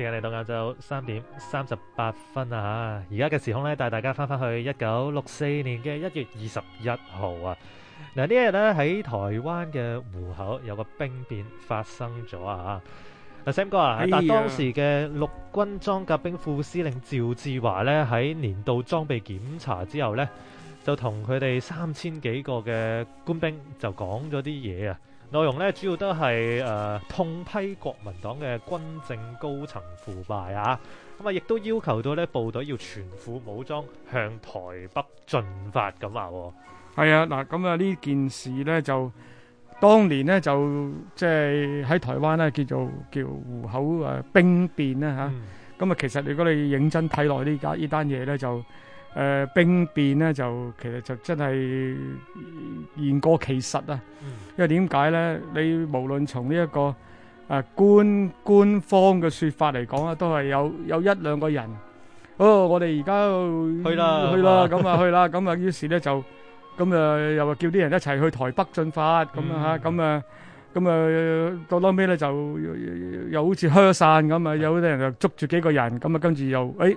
時間嚟到晏晝三點三十八分啊！而家嘅時空咧，帶大家翻翻去一九六四年嘅一月二十一號啊！嗱，呢一日咧喺台灣嘅湖口有個兵變發生咗啊！阿 Sam 哥啊，但係當時嘅陸軍裝甲兵副司令趙志華咧喺年度裝備檢查之後咧，就同佢哋三千幾個嘅官兵就講咗啲嘢啊！內容咧主要都係誒、呃、痛批國民黨嘅軍政高層腐敗啊，咁啊亦都要求到咧部隊要全副武裝向台北進發咁話。係啊，嗱咁啊呢件事咧就當年咧就即係喺台灣咧叫做叫湖口誒兵變啦嚇。咁啊、嗯、其實如果你認真睇落啲，家呢單嘢咧就。誒兵變咧就其實就真係言過其實啊！因為點解咧？你無論從呢一個誒官官方嘅説法嚟講啊，都係有有一兩個人哦。我哋而家去啦去啦，咁啊去啦，咁啊於是咧就咁啊又話叫啲人一齊去台北進發咁啊嚇，咁啊咁啊到後尾咧就又好似靴散咁啊，有啲人就捉住幾個人，咁啊跟住又誒。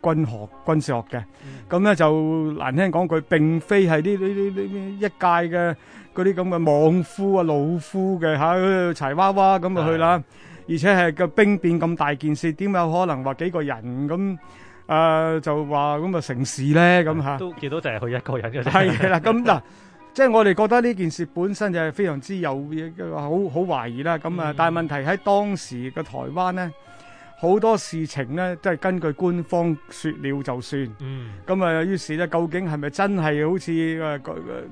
軍學軍事學嘅，咁、嗯、咧就難聽講句，並非係呢呢呢呢一屆嘅嗰啲咁嘅莽夫啊老夫嘅嚇、啊，柴娃娃咁就去啦。而且係個兵變咁大件事，點有可能話幾個人咁、啊、就話咁啊成事咧咁吓？都見到就係佢一個人嘅啫。係啦，咁、啊、嗱， 即係我哋覺得呢件事本身就係非常之有好好懷疑啦。咁啊、嗯，但係問題喺當時嘅台灣咧。好多事情咧，都係根據官方説了就算。嗯。咁啊，於是咧，究竟係咪真係好似誒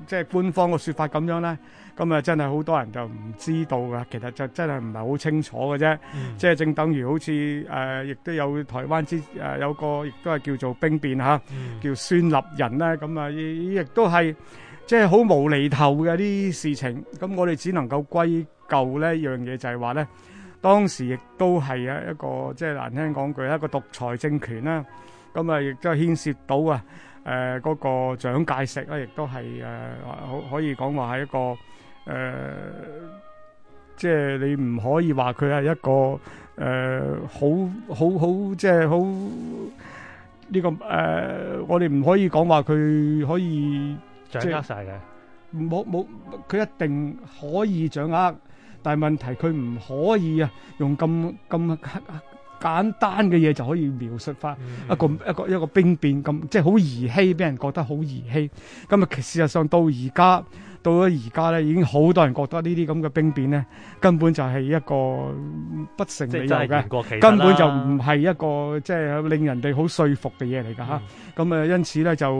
即係官方嘅説法咁樣咧？咁啊，真係好多人就唔知道㗎。其實就真係唔係好清楚嘅啫。即係正等於好似誒，亦都有台灣之誒，有個亦都係叫做兵變吓，叫孫立人咧。咁啊，亦都係即係好無厘頭嘅啲事情。咁我哋只能夠歸咎咧一樣嘢，就係話咧。當時亦都係啊一個即係難聽講句一個獨裁政權啦，咁啊亦都係牽涉到啊誒嗰個蔣介石啦，亦都係誒可，可以講話係一個誒，即係你唔可以話佢係一個誒好好好即係好呢個誒，我哋唔可以講話佢可以掌握曬嘅，冇冇，佢一定可以掌握。但係問題，佢唔可以啊，用咁咁簡單嘅嘢，就可以描述翻一個、嗯、一個一個，一個兵變咁，即係好兒戲，俾人覺得好兒戲。咁啊，其實事實上到而家到咗而家咧，已經好多人覺得這些，呢啲咁嘅兵變咧，根本就係一個不成理由嘅，根本就唔係一個即係令人哋好說服嘅嘢嚟㗎吓。咁、嗯、啊，因此咧，就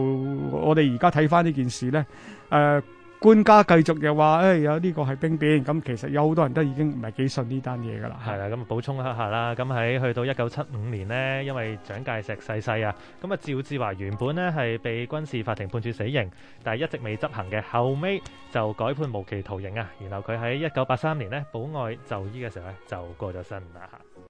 我哋而家睇翻呢件事咧，誒、呃。官家繼續又話，誒有呢個係兵變，咁其實有好多人都已經唔係幾信呢單嘢㗎啦。係啦，咁補充一下啦，咁喺去到一九七五年呢，因為蔣介石逝世啊，咁啊趙志華原本呢係被軍事法庭判處死刑，但係一直未執行嘅，後尾就改判無期徒刑啊。然後佢喺一九八三年呢保外就醫嘅時候咧就過咗身啦。